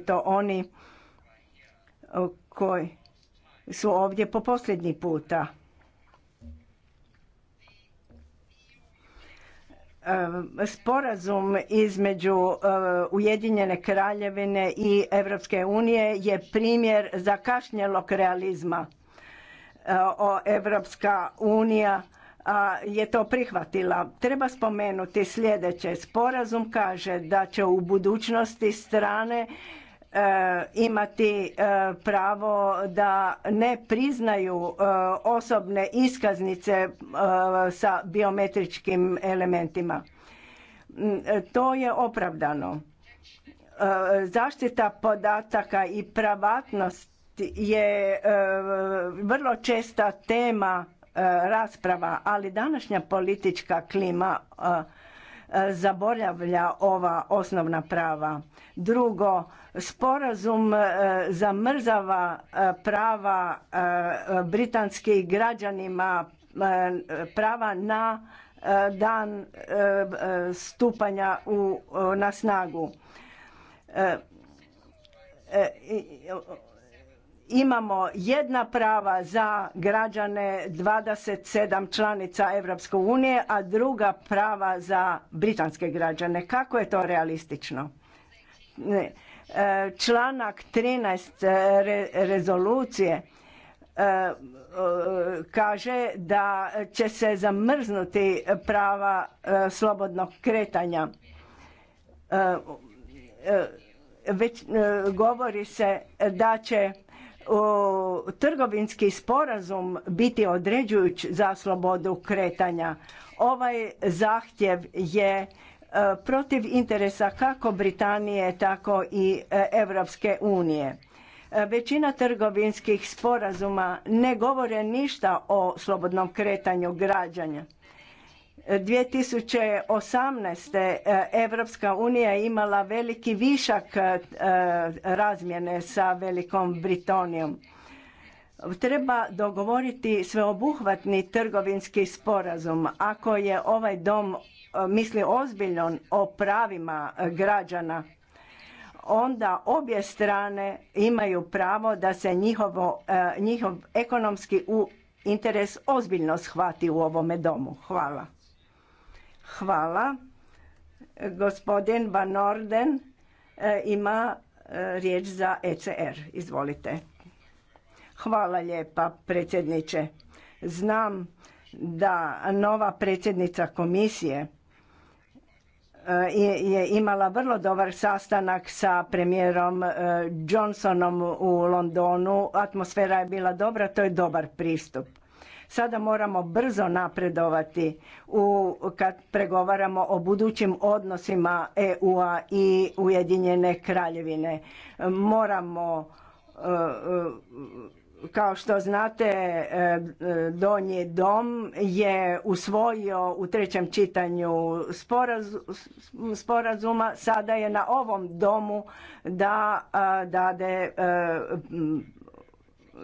to oni koji su ovdje po posljednji puta. E, sporazum između e, Ujedinjene kraljevine i Europske unije je primjer zakašnjelog realizma. Europska unija je to prihvatila. Treba spomenuti sljedeće. Sporazum kaže da će u budućnosti strane E, imati e, pravo da ne priznaju e, osobne iskaznice sa biometričkim elementima. Mm, to je opravdano. Zaštita podataka i pravatnost je vrlo česta tema rasprava, ali današnja politička klima zaboravlja ova osnovna prava. Drugo, sporazum e, zamrzava e, prava e, britanskih građanima prava na dan stupanja na snagu imamo jedna prava za građane 27 članica Europske unije, a druga prava za britanske građane. Kako je to realistično? Ne. E, članak 13 e, rezolucije e, kaže da će se zamrznuti prava slobodnog kretanja. Već govori se da će trgovinski sporazum biti određujuć za slobodu kretanja. Ovaj zahtjev je e, protiv interesa kako Britanije, tako i Europske unije. E, većina trgovinskih sporazuma ne govore ništa o slobodnom kretanju građana 2018. E, Evropska unija je imala veliki višak e, razmjene sa Velikom Britanijom. Treba dogovoriti sveobuhvatni trgovinski sporazum. Ako je ovaj dom e, misli ozbiljno o pravima građana, onda obje strane imaju pravo da se njihovo, njihov ekonomski interes ozbiljno shvati u ovome domu. Hvala. Hvala. Gospodin Van Orden e, ima e, riječ za ECR. Izvolite. Hvala lijepa predsjedniče. Znam da nova predsjednica komisije e, je imala vrlo dobar sastanak sa premijerom Johnsonom u Londonu. Atmosfera je bila dobra, to je dobar pristup. Sada moramo brzo napredovati u, kad pregovaramo o budućim odnosima EU-a i Ujedinjene kraljevine. Moramo e, e, kao što znate e, Donji dom je usvojio u trećem čitanju sporazuma. Sada je na ovom domu da dade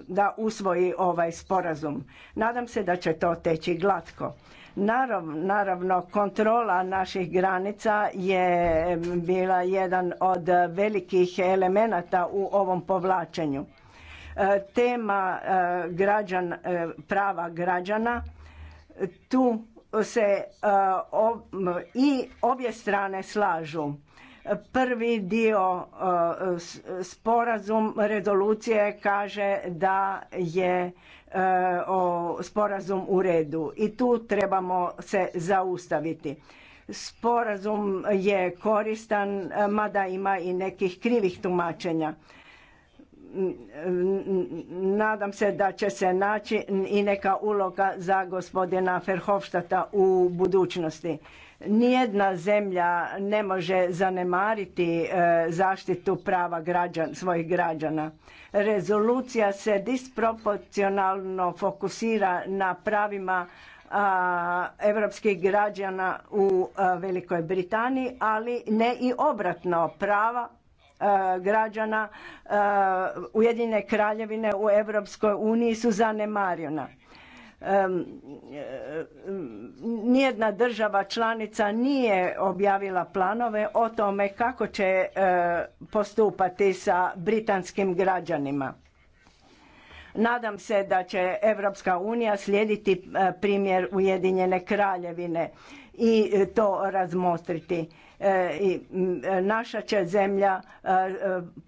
da usvoji ovaj sporazum. Nadam se da će to teći glatko. Naravno, naravno kontrola naših granica je bila jedan od velikih elemenata u ovom povlačenju. E, tema e, građan, e, prava građana tu se i obje strane slažu Prvi dio e, sporazum rezolucije kaže da je e, sporazum u redu i tu trebamo se zaustaviti. Sporazum je koristan, e, mada ima i nekih krivih tumačenja. Nadam se da će se naći i neka uloga za gospodina Ferhofštata u budućnosti. Nijedna zemlja ne može zanemariti e, zaštitu prava građan, svojih građana. Rezolucija se disproporcionalno fokusira na pravima europskih građana u Velikoj Britaniji, ali ne i obratno prava građana Ujedinjene kraljevine u Europskoj uniji su zanemarjena nijedna država članica nije objavila planove o tome kako će e, postupati sa britanskim građanima. Nadam se da će Europska unija slijediti e, primjer Ujedinjene kraljevine i e, to razmotriti. I naša će zemlja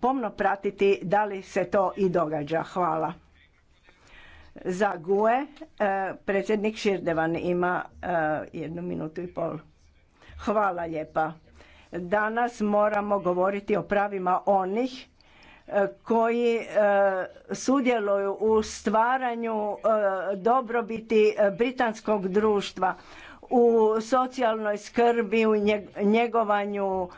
pomno pratiti da li se to i događa. Hvala. Za GUE e, predsjednik Širdevan ima e, jednu minutu i pol. Hvala lijepa. Danas moramo govoriti o pravima onih e, koji sudjeluju u stvaranju dobrobiti britanskog društva u socijalnoj skrbi, u njegovanju,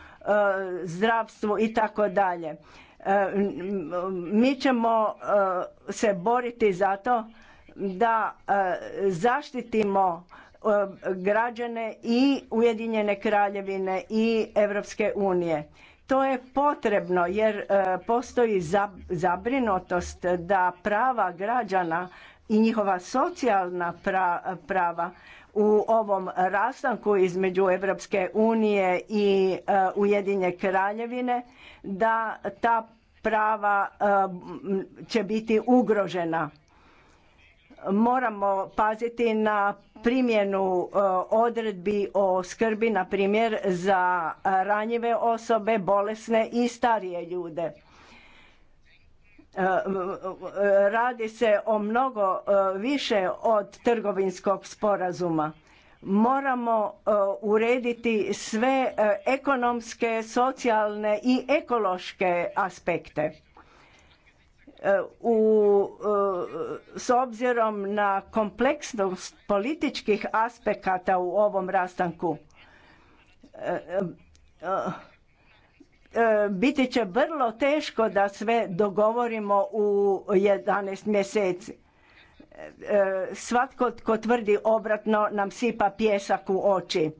zdravstvu i tako dalje. E, mi ćemo e, se boriti za to da e, zaštitimo građane i Ujedinjene kraljevine i Europske unije. To je potrebno jer postoji zabrinutost da prava građana i njihova socijalna prava u ovom rastanku između Europske unije i e, Ujedinje kraljevine da ta prava e, će biti ugrožena. Moramo paziti na primjenu e, odredbi o skrbi, na primjer, za ranjive osobe, bolesne i starije ljude E, e, radi se o mnogo e, više od trgovinskog sporazuma. Moramo urediti sve ekonomske, socijalne i ekološke aspekte. U, s obzirom na kompleksnost političkih aspekata u ovom rastanku E, biti će vrlo teško da sve dogovorimo u 11 mjeseci. E, svatko tko tvrdi obratno nam sipa pjesak u oči.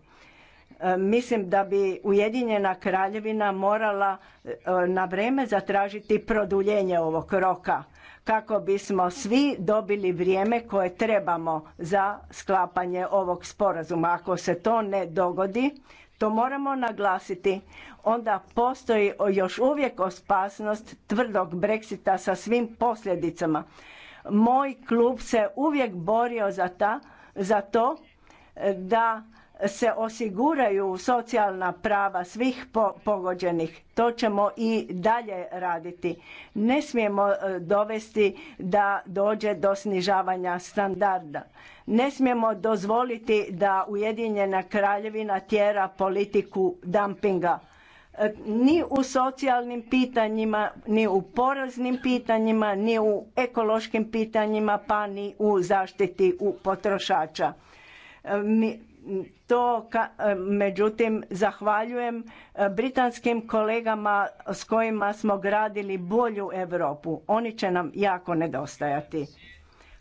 E, mislim da bi Ujedinjena kraljevina morala na vreme zatražiti produljenje ovog roka kako bismo svi dobili vrijeme koje trebamo za sklapanje ovog sporazuma. Ako se to ne dogodi, to moramo naglasiti, onda postoji još uvijek opasnost tvrdog Brexita sa svim posljedicama. Moj klub se uvijek borio za, za to e, da se osiguraju socijalna prava svih pogođenih. To ćemo i dalje raditi. Ne smijemo e, dovesti da dođe do snižavanja standarda. Ne smijemo dozvoliti da Ujedinjena kraljevina tjera politiku dumpinga e, ni u socijalnim pitanjima, ni u poreznim pitanjima, ni u ekološkim pitanjima, pa ni u zaštiti potrošača. E, mi to e, međutim zahvaljujem e, britanskim kolegama s kojima smo gradili bolju Europu. Oni će nam jako nedostajati.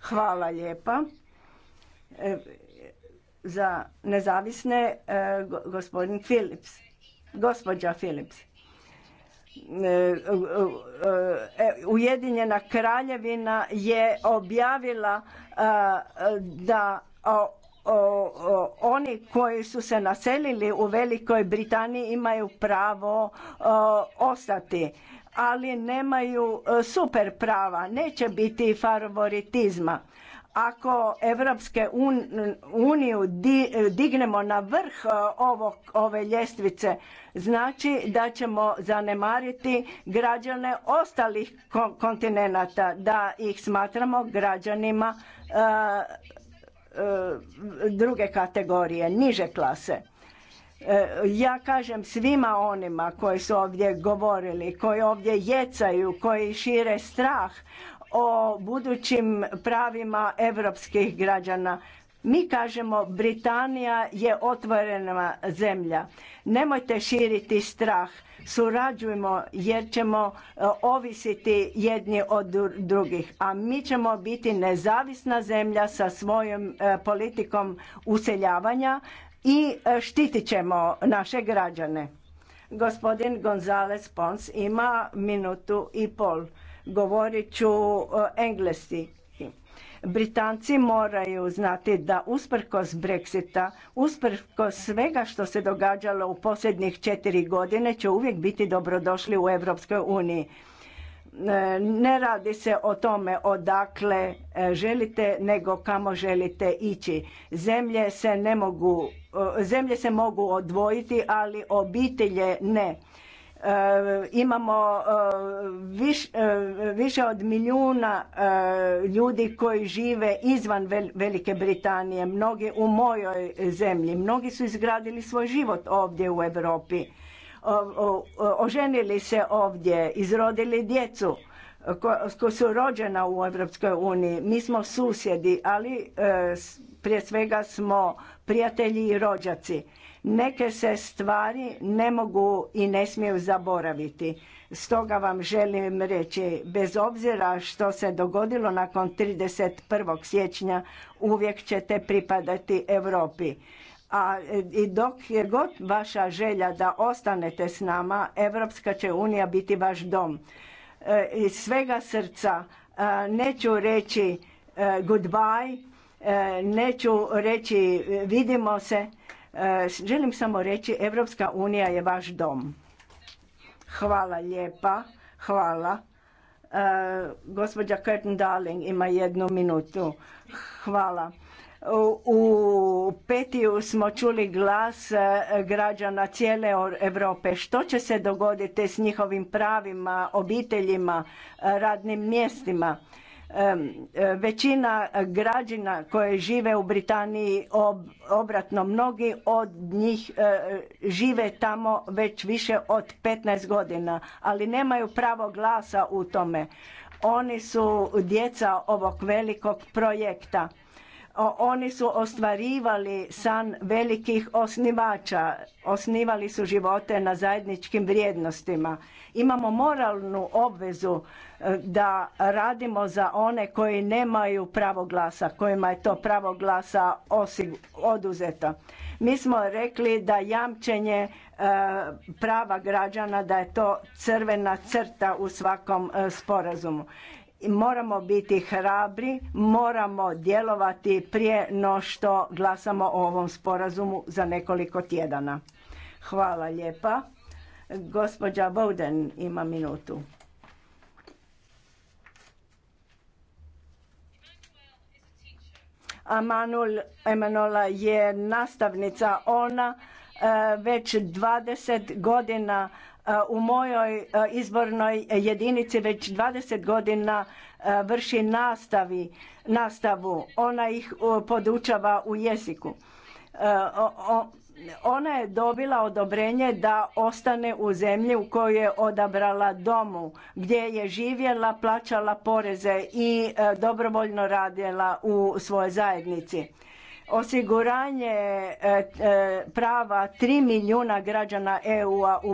Hvala lijepa. E, za nezavisne gospodin Philips. Gospođa Philips. Ujedinjena kraljevina je objavila da oni koji su se naselili u Velikoj Britaniji imaju pravo ostati ali nemaju e, super prava, neće biti favoritizma. Ako Evropske uniju dignemo na vrh e, ove ljestvice, znači da ćemo zanemariti građane ostalih kontinenata, da ih smatramo građanima e, E, druge kategorije, niže klase. E, ja kažem svima onima koji su ovdje govorili, koji ovdje jecaju, koji šire strah o budućim pravima europskih građana, mi kažemo Britanija je otvorena zemlja. Nemojte širiti strah. Surađujmo jer ćemo e, ovisiti jedni od drugih. A mi ćemo biti nezavisna zemlja sa svojom e, politikom useljavanja i e, štitit ćemo naše građane. Gospodin Gonzalez Pons ima minutu i pol. Govorit ću engleski Britanci moraju znati da usprkos Brexita, usprkos svega što se događalo u posljednjih četiri godine će uvijek biti dobrodošli u Europskoj uniji. E, ne radi se o tome odakle e, želite, nego kamo želite ići. Zemlje se ne mogu, zemlje se mogu odvojiti, ali obitelje ne Eh, imamo eh, eh, više od milijuna ljudi koji žive izvan Velike Britanije, mnogi u mojoj zemlji. Mnogi su izgradili svoj život ovdje u Europi. Oženili se ovdje, izrodili djecu koja su rođena u Europskoj uniji. Mi smo susjedi, ali prije svega smo prijatelji i rođaci. Neke se stvari ne mogu i ne smiju zaboraviti. Stoga vam želim reći, bez obzira što se dogodilo nakon 31. siječnja, uvijek ćete pripadati Europi. A i dok je god vaša želja da ostanete s nama, Europska će unija biti vaš dom. E, iz svega srca e, neću reći e, goodbye, neću reći vidimo se, E, želim samo reći, Evropska unija je vaš dom. Hvala lijepa, hvala. E, gospođa Curtin Darling ima jednu minutu. Hvala. U petiju smo čuli glas e, građana cijele Europe. Što će se dogoditi s njihovim pravima, obiteljima, radnim mjestima? Većina građana koje žive u Britaniji obratno mnogi od njih e, žive tamo već više od 15 godina, ali nemaju pravo glasa u tome. Oni su djeca ovog velikog projekta oni su ostvarivali san velikih osnivača, osnivali su živote na zajedničkim vrijednostima. Imamo moralnu obvezu e, da radimo za one koji nemaju pravo glasa, kojima je to pravo glasa oduzeto. Mi smo rekli da jamčenje e, prava građana da je to crvena crta u svakom e, sporazumu moramo biti hrabri, moramo djelovati prije no što glasamo o ovom sporazumu za nekoliko tjedana. Hvala lijepa. Gospođa Bowden ima minutu. Amanul Emanola je nastavnica. Ona eh, već 20 godina E, u mojoj e, izbornoj jedinici već 20 godina e, vrši nastavi, nastavu. Ona ih podučava u jeziku. Ona je dobila odobrenje da ostane u zemlji u kojoj je odabrala domu, gdje je živjela, plaćala poreze i dobrovoljno radila u svojoj zajednici osiguranje e, e, prava 3 milijuna građana EU-a u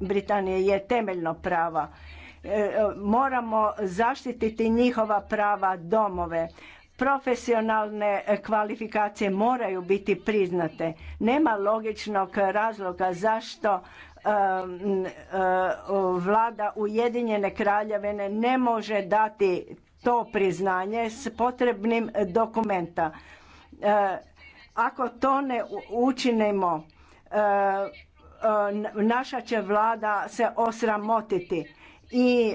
Britaniji je temeljno prava. E, moramo zaštititi njihova prava domove. Profesionalne kvalifikacije moraju biti priznate. Nema logičnog razloga zašto vlada Ujedinjene kraljevine ne može dati to priznanje s potrebnim dokumenta E, ako to ne učinimo, e, e, naša će vlada se osramotiti i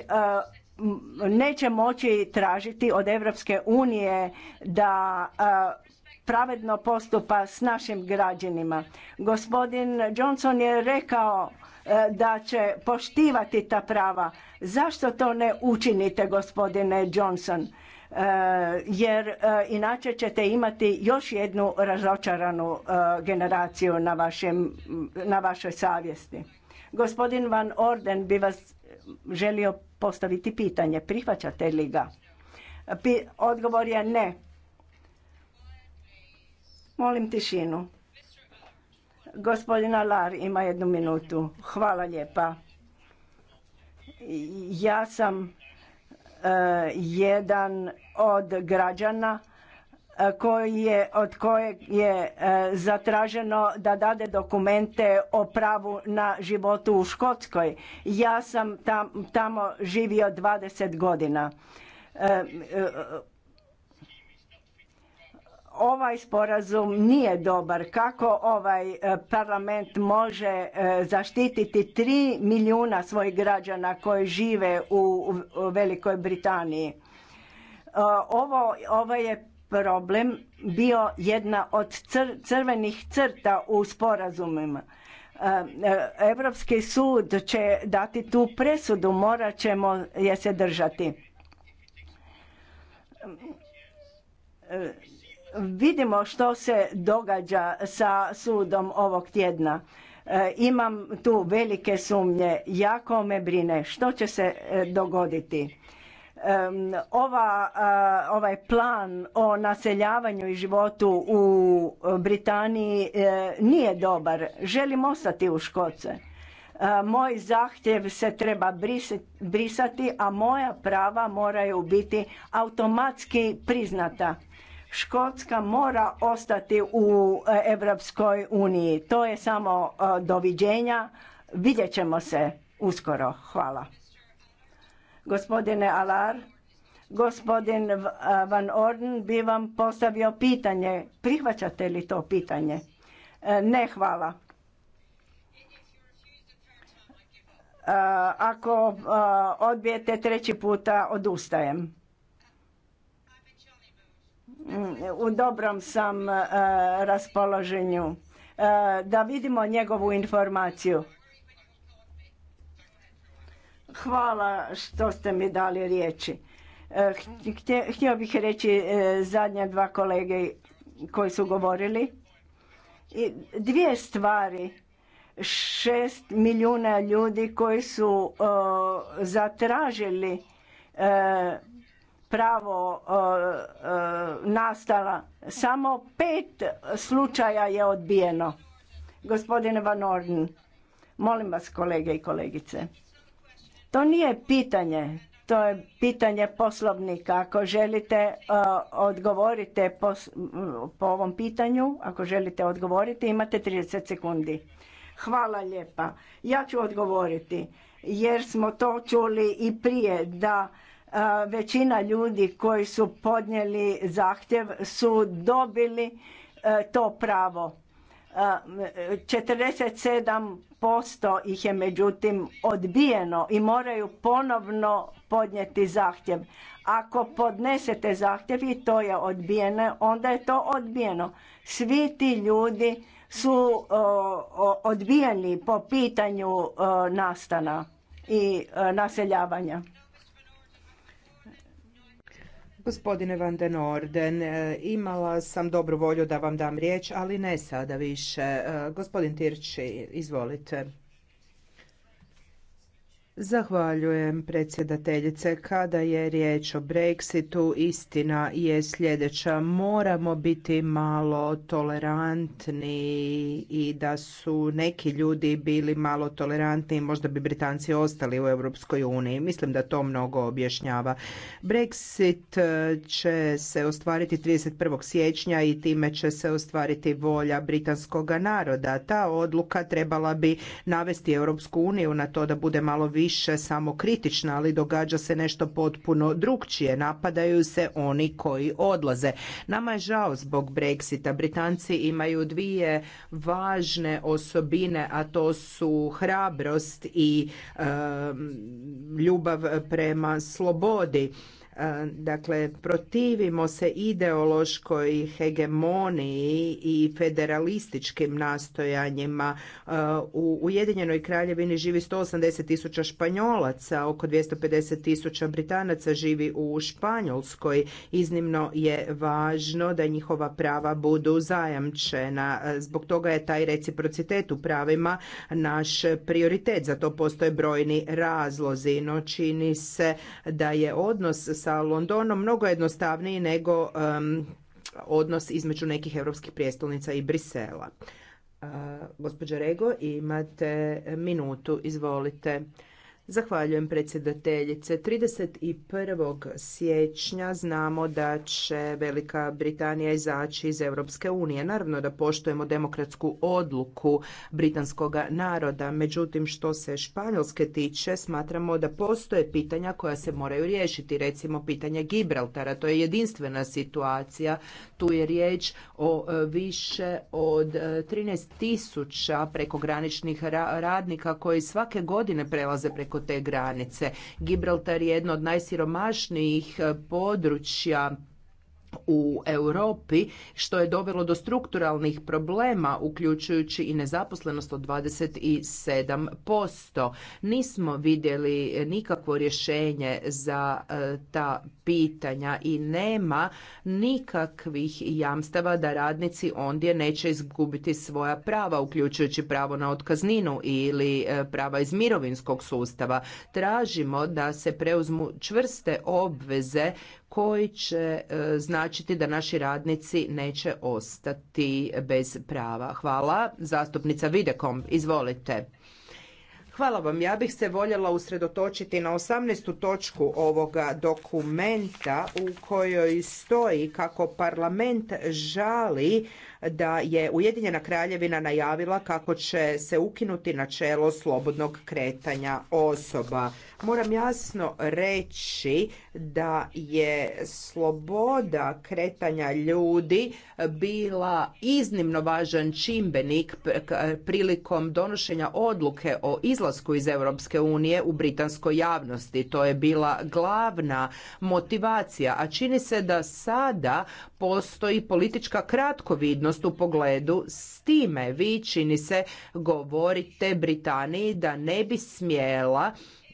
neće moći tražiti od Europske unije da pravedno postupa s našim građanima. Gospodin Johnson je rekao da će poštivati ta prava. Zašto to ne učinite, gospodine Johnson? Eh, jer eh, inače ćete imati još jednu razočaranu eh, generaciju na, vašem, na vašoj savjesti. Gospodin Van Orden bi vas želio postaviti pitanje. Prihvaćate li ga? Odgovor je ne. Molim tišinu. Gospodina Lar ima jednu minutu. Hvala lijepa. Ja sam jedan od građana e, koji je, od kojeg je e, zatraženo da dade dokumente o pravu na životu u Škotskoj. Ja sam tam, tamo živio 20 godina. E, ovaj sporazum nije dobar. Kako ovaj e, parlament može e, zaštititi tri milijuna svojih građana koji žive u Velikoj Britaniji? E, ovo, je problem bio jedna od crvenih crta u sporazumima. Europski sud će dati tu presudu, morat ćemo je se držati Vidimo što se događa sa sudom ovog tjedna. E, imam tu velike sumnje, jako me brine što će se e, dogoditi. Ova, ovaj plan o naseljavanju i životu u Britaniji e, nije dobar. Želim ostati u Škoce. Moj zahtjev se treba brisati, a moja prava moraju biti automatski priznata. Škotska mora ostati u e, Evropskoj uniji. To je samo e, doviđenja. Vidjet ćemo se uskoro. Hvala. Gospodine Alar, gospodin e, Van Orden bi vam postavio pitanje. Prihvaćate li to pitanje? Ne, hvala. Ako odbijete treći puta, odustajem u dobrom sam e, raspoloženju e, da vidimo njegovu informaciju. Hvala što ste mi dali riječi. E, htio bih reći zadnja dva kolege koji su govorili. Dvije stvari. Šest milijuna ljudi koji su zatražili pravo nastala. Samo pet slučaja je odbijeno. Gospodine Van Orden, molim vas kolege i kolegice. To nije pitanje, to je pitanje poslovnika. Ako želite odgovorite po, ovom pitanju, ako želite odgovoriti imate 30 sekundi. Hvala lijepa. Ja ću odgovoriti jer smo to čuli i prije da većina ljudi koji su podnijeli zahtjev su dobili e, to pravo. 47% ih je međutim odbijeno i moraju ponovno podnijeti zahtjev. Ako podnesete zahtjev i to je odbijeno, onda je to odbijeno. Svi ti ljudi su odbijeni po pitanju nastana i e, naseljavanja. Gospodine Van den Orden, e, imala sam dobru volju da vam dam riječ, ali ne sada više. E, gospodin Tirči, izvolite. Zahvaljujem predsjedateljice. Kada je riječ o Brexitu, istina je sljedeća. Moramo biti malo tolerantni i da su neki ljudi bili malo tolerantni, možda bi Britanci ostali u Europskoj uniji. Mislim da to mnogo objašnjava. Brexit će se ostvariti 31. siječnja i time će se ostvariti volja britanskog naroda. Ta odluka trebala bi navesti Europsku uniju na to da bude malo više više samo ali događa se nešto potpuno drukčije. Napadaju se oni koji odlaze. Nama je žao zbog Brexita. Britanci imaju dvije važne osobine, a to su hrabrost i ljubav prema slobodi. Dakle, protivimo se ideološkoj hegemoniji i federalističkim nastojanjima. U Ujedinjenoj kraljevini živi 180 tisuća Španjolaca, oko 250 tisuća Britanaca živi u Španjolskoj. Iznimno je važno da njihova prava budu zajamčena. Zbog toga je taj reciprocitet u pravima naš prioritet. Za to postoje brojni razlozi, no čini se da je odnos sa Londonom mnogo jednostavniji nego odnos između nekih europskih prijestolnica i Brisela. E, Gospođo Rego, imate minutu, izvolite. Zahvaljujem predsjedateljice. 31. siječnja znamo da će Velika Britanija izaći iz Europske unije. Naravno da poštujemo demokratsku odluku britanskog naroda. Međutim, što se Španjolske tiče, smatramo da postoje pitanja koja se moraju riješiti. Recimo, pitanje Gibraltara. To je jedinstvena situacija. Tu je riječ o e, više od 13.000 e, tisuća prekograničnih radnika koji svake godine prelaze preko preko te granice. Gibraltar je jedno od najsiromašnijih eh, područja u Europi što je dovelo do strukturalnih problema uključujući i nezaposlenost od 27%. Nismo vidjeli nikakvo rješenje za e, ta pitanja i nema nikakvih jamstava da radnici ondje neće izgubiti svoja prava uključujući pravo na otkazninu ili e, prava iz mirovinskog sustava. Tražimo da se preuzmu čvrste obveze koji će e, značiti da naši radnici neće ostati bez prava. Hvala. Zastupnica Videkom, izvolite. Hvala vam. Ja bih se voljela usredotočiti na 18. točku ovoga dokumenta u kojoj stoji kako parlament žali da je Ujedinjena kraljevina najavila kako će se ukinuti načelo slobodnog kretanja osoba. Moram jasno reći da je sloboda kretanja ljudi bila iznimno važan čimbenik prilikom donošenja odluke o izlasku iz Europske unije u britanskoj javnosti. To je bila glavna motivacija, a čini se da sada postoji politička kratkovidnost u pogledu s time vi čini se govorite Britaniji da ne bi smjela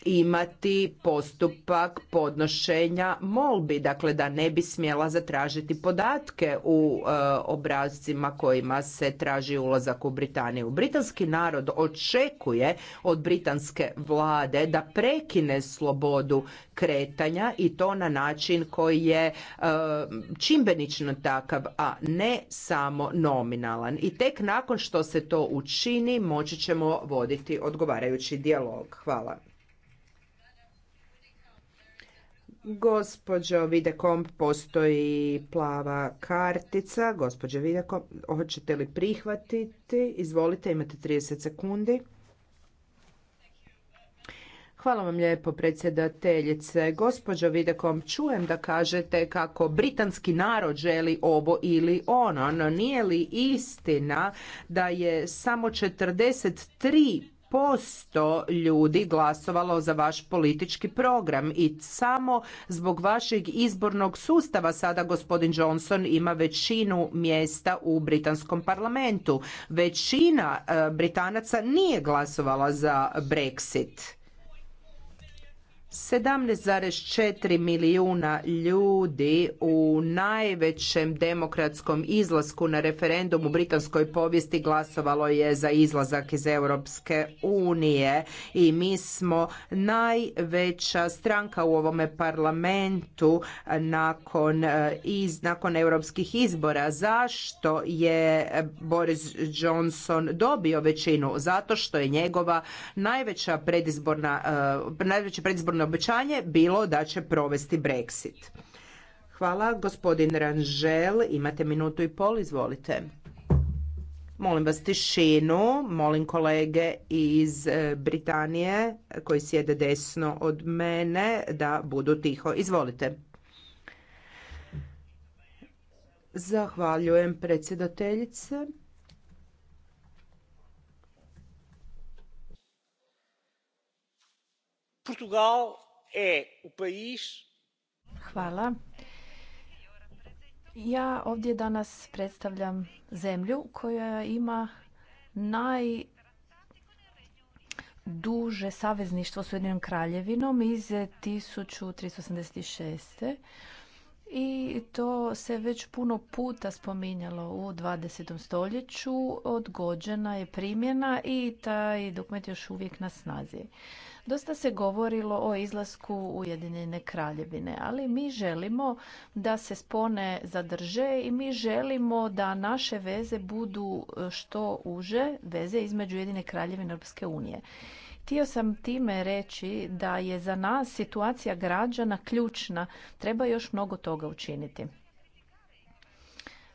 imati postupak podnošenja molbi, dakle da ne bi smjela zatražiti podatke u e, obrazcima kojima se traži ulazak u Britaniju. Britanski narod očekuje od britanske vlade da prekine slobodu kretanja i to na način koji je e, čimbenično takav, a ne samo nominalan. I tek nakon što se to učini moći ćemo voditi odgovarajući dijalog. Hvala. Gospođo Videkom postoji plava kartica. Gospođo Videkom, hoćete li prihvatiti? Izvolite, imate 30 sekundi. Hvala vam lijepo, predsjedateljice. Gospođo Videkom, čujem da kažete kako britanski narod želi ovo ili ono, no nije li istina da je samo 43 posto ljudi glasovalo za vaš politički program i samo zbog vašeg izbornog sustava sada gospodin Johnson ima većinu mjesta u britanskom parlamentu. Većina e, Britanaca nije glasovala za Brexit. 17,4 milijuna ljudi u najvećem demokratskom izlasku na referendum u britanskoj povijesti glasovalo je za izlazak iz Europske unije i mi smo najveća stranka u ovome parlamentu nakon, e, iz, nakon europskih izbora. Zašto je Boris Johnson dobio većinu? Zato što je njegova najveća predizborna, e, najveći predizborni predizborno obećanje bilo da će provesti Brexit. Hvala. Gospodin Ranžel, imate minutu i pol, izvolite. Molim vas tišinu, molim kolege iz e, Britanije koji sjede desno od mene da budu tiho. Izvolite. Zahvaljujem predsjedateljice. Portugal Hvala. Ja ovdje danas predstavljam zemlju koja ima najduže savezništvo s Ujedinjenom kraljevinom iz 1386. I to se već puno puta spominjalo u 20. stoljeću, odgođena je primjena i taj dokument još uvijek na snazi. Dosta se govorilo o izlasku Ujedinjene kraljevine, ali mi želimo da se spone zadrže i mi želimo da naše veze budu e, što uže, veze između Ujedine kraljevine i Europske unije. Htio sam time reći da je za nas situacija građana ključna. Treba još mnogo toga učiniti.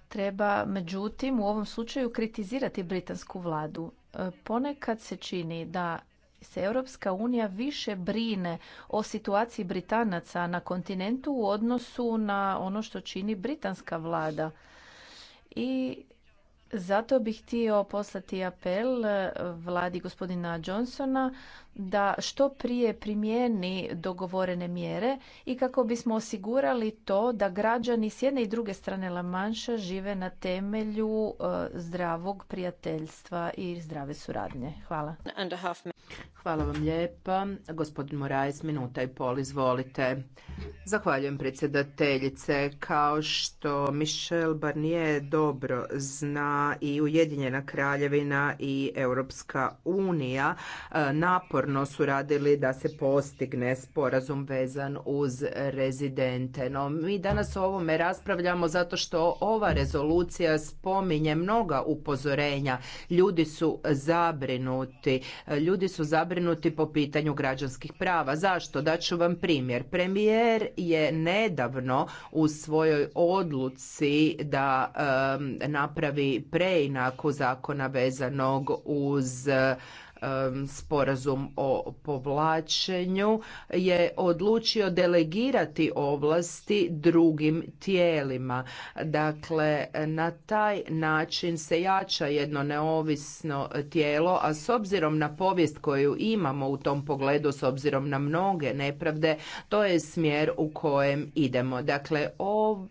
Treba, međutim, u ovom slučaju kritizirati britansku vladu. E, ponekad se čini da se Europska unija više brine o situaciji Britanaca na kontinentu u odnosu na ono što čini britanska vlada. I zato bih htio poslati apel eh, vladi gospodina Johnsona da što prije primijeni dogovorene mjere i kako bismo osigurali to da građani s jedne i druge strane La Manša žive na temelju e, zdravog prijateljstva i zdrave suradnje. Hvala. Hvala vam lijepa. Gospodin Morajs, minuta i pol, izvolite. Zahvaljujem predsjedateljice. Kao što Michel Barnier dobro zna i Ujedinjena kraljevina i Europska unija e, napor uporno su radili da se postigne sporazum vezan uz rezidente. No, mi danas o ovome raspravljamo zato što ova rezolucija spominje mnoga upozorenja. Ljudi su zabrinuti. Ljudi su zabrinuti po pitanju građanskih prava. Zašto? Daću vam primjer. Premijer je nedavno u svojoj odluci da napravi preinaku zakona vezanog uz sporazum o povlačenju je odlučio delegirati ovlasti drugim tijelima. Dakle, na taj način se jača jedno neovisno tijelo, a s obzirom na povijest koju imamo u tom pogledu, s obzirom na mnoge nepravde, to je smjer u kojem idemo. Dakle, o,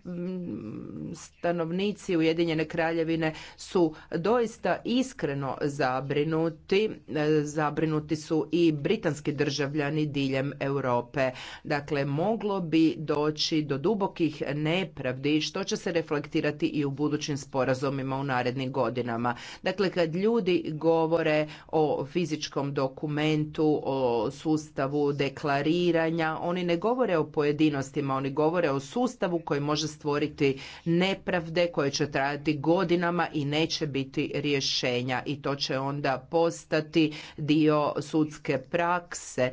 stanovnici Ujedinjene kraljevine su doista iskreno zabrinuti. E, zabrinuti su i britanski državljani diljem Europe. Dakle, moglo bi doći do dubokih nepravdi što će se reflektirati i u budućim sporazumima u narednim godinama. Dakle, kad ljudi govore o fizičkom dokumentu, o sustavu deklariranja, oni ne govore o pojedinostima, oni govore o sustavu koji može stvoriti ne nepravde koje će trajati godinama i neće biti rješenja i to će onda postati dio sudske prakse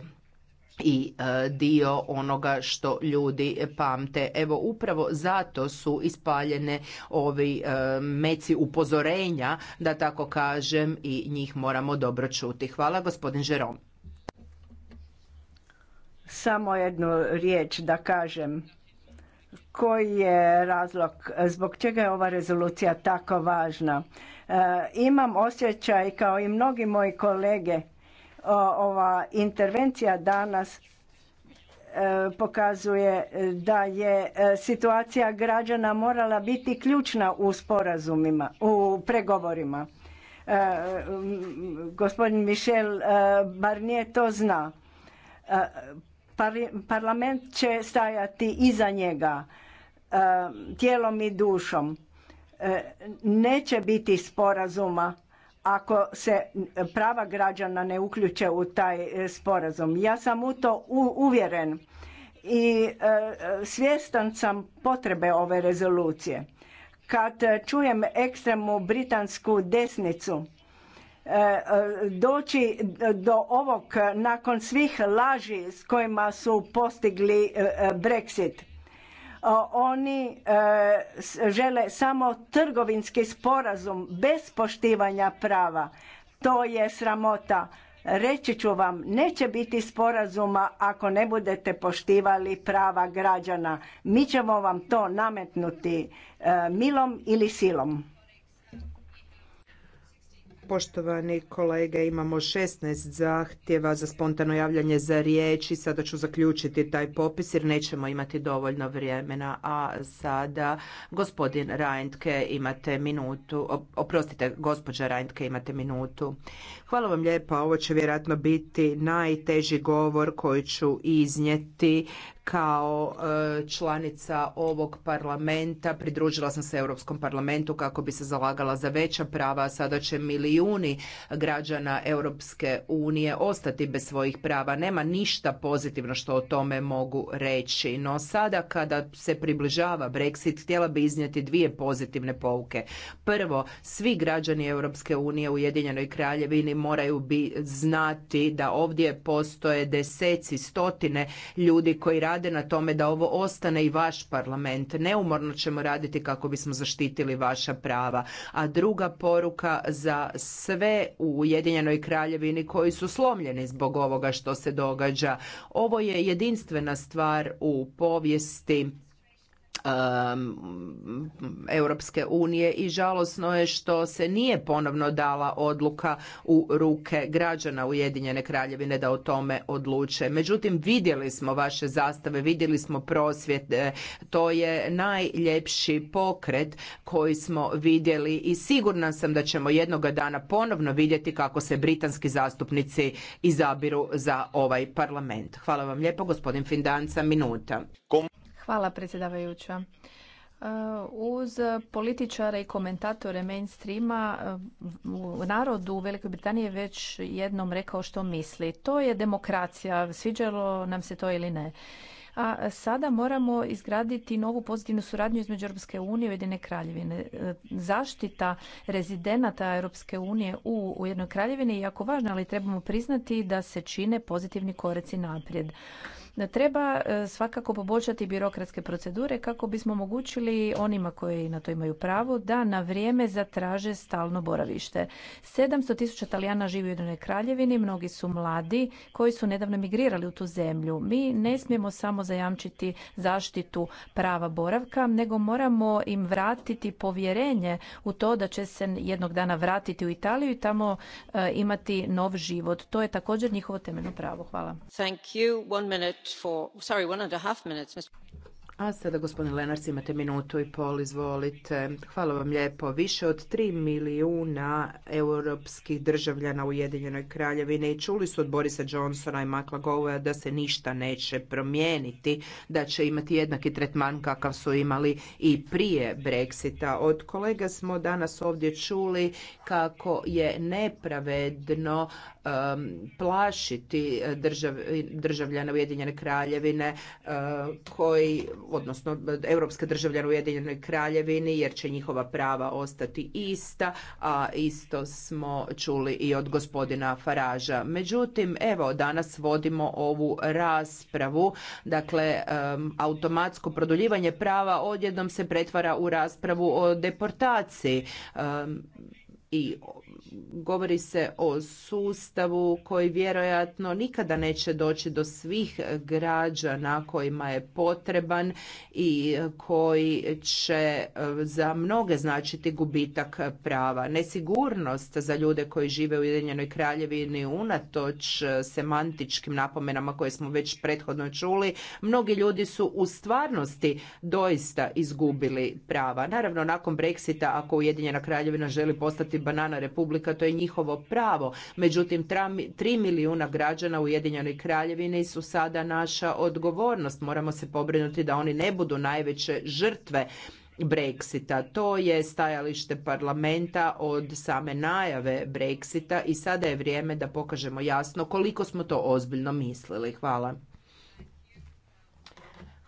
i e, dio onoga što ljudi pamte. Evo upravo zato su ispaljene ovi e, meci upozorenja, da tako kažem, i njih moramo dobro čuti. Hvala gospodin Žerom. Samo jednu riječ da kažem koji je razlog, zbog čega je ova rezolucija tako važna. E, imam osjećaj kao i mnogi moji kolege ova intervencija danas e, pokazuje da je e, situacija građana morala biti ključna u sporazumima, u pregovorima. Gospodin Michel Barnier to zna. Parlament će stajati iza njega Um, tijelom i dušom. Uh, neće biti sporazuma ako se prava građana ne uključe u taj uh, sporazum. Ja sam u to uvjeren i uh, svjestan sam potrebe ove rezolucije. Kad čujem ekstremnu britansku desnicu, doći do ovog nakon svih laži s kojima su postigli Brexit. Oni e, žele samo trgovinski sporazum bez poštivanja prava. To je sramota. Reći ću vam, neće biti sporazuma ako ne budete poštivali prava građana. Mi ćemo vam to nametnuti e, milom ili silom. Poštovani kolege, imamo 16 zahtjeva za spontano javljanje za riječ i sada ću zaključiti taj popis jer nećemo imati dovoljno vremena. A sada gospodin Rajntke imate minutu, oprostite gospođa Rajntke imate minutu. Hvala vam lijepa, ovo će vjerojatno biti najteži govor koji ću iznijeti kao e, članica ovog parlamenta pridružila sam se Europskom parlamentu kako bi se zalagala za veća prava, sada će milijuni građana Europske unije ostati bez svojih prava. Nema ništa pozitivno što o tome mogu reći, no sada kada se približava Brexit, htjela bi iznijeti dvije pozitivne pouke. Prvo, svi građani Europske unije u Ujedinjenoj kraljevini moraju bi znati da ovdje postoje deseci, stotine ljudi koji rade na tome da ovo ostane i vaš parlament. Neumorno ćemo raditi kako bismo zaštitili vaša prava. A druga poruka za sve u Ujedinjenoj kraljevini koji su slomljeni zbog ovoga što se događa. Ovo je jedinstvena stvar u povijesti Um, Europske unije i žalosno je što se nije ponovno dala odluka u ruke građana Ujedinjene kraljevine da o tome odluče. Međutim, vidjeli smo vaše zastave, vidjeli smo prosvjete, to je najljepši pokret koji smo vidjeli i sigurna sam da ćemo jednoga dana ponovno vidjeti kako se britanski zastupnici izabiru za ovaj parlament. Hvala vam lijepo, gospodin Findanca, minuta. Hvala predsjedavajuća. E, uz političare i komentatore mainstreama e, u narodu u Velikoj Britaniji je već jednom rekao što misli. To je demokracija, sviđalo nam se to ili ne. A sada moramo izgraditi novu pozitivnu suradnju između Europske unije i Ujedine kraljevine. E, zaštita rezidenata Europske unije u Ujedinoj kraljevini je jako važna, ali trebamo priznati da se čine pozitivni koreci naprijed. Treba e, svakako poboljšati birokratske procedure kako bismo omogućili onima koji na to imaju pravo da na vrijeme zatraže stalno boravište. 700 tisuća Talijana živi u jednoj kraljevini, mnogi su mladi koji su nedavno migrirali u tu zemlju. Mi ne smijemo samo zajamčiti zaštitu prava boravka, nego moramo im vratiti povjerenje u to da će se jednog dana vratiti u Italiju i tamo e, imati nov život. To je također njihovo temeljno pravo. Hvala. Thank you. One minute a imate minutu i pol, izvolite. Hvala vam lijepo. Više od tri milijuna europskih državljana Ujedinjenoj kraljevini čuli su od Borisa Johnsona i Makla da se ništa neće promijeniti, da će imati jednaki tretman kakav su imali i prije Brexita. Od kolega smo danas ovdje čuli kako je nepravedno Um, plašiti državljane Ujedinjene kraljevine uh, koji, odnosno europske državljane Ujedinjenoj kraljevini jer će njihova prava ostati ista, a isto smo čuli i od gospodina Faraža. Međutim, evo danas vodimo ovu raspravu, dakle um, automatsko produljivanje prava odjednom se pretvara u raspravu o deportaciji um, i govori se o sustavu koji vjerojatno nikada neće doći do svih građana kojima je potreban i koji će e, za mnoge značiti gubitak prava. Nesigurnost za ljude koji žive u Ujedinjenoj kraljevini unatoč semantičkim napomenama koje smo već prethodno čuli, mnogi ljudi su u stvarnosti doista izgubili prava. Naravno, nakon Brexita, ako Ujedinjena kraljevina želi postati banana republika, to je njihovo pravo. Međutim, tri milijuna građana u Ujedinjenoj kraljevini su sada naša odgovornost. Moramo se pobrinuti da oni ne budu najveće žrtve Brexita. To je stajalište parlamenta od same najave Brexita i sada je vrijeme da pokažemo jasno koliko smo to ozbiljno mislili. Hvala.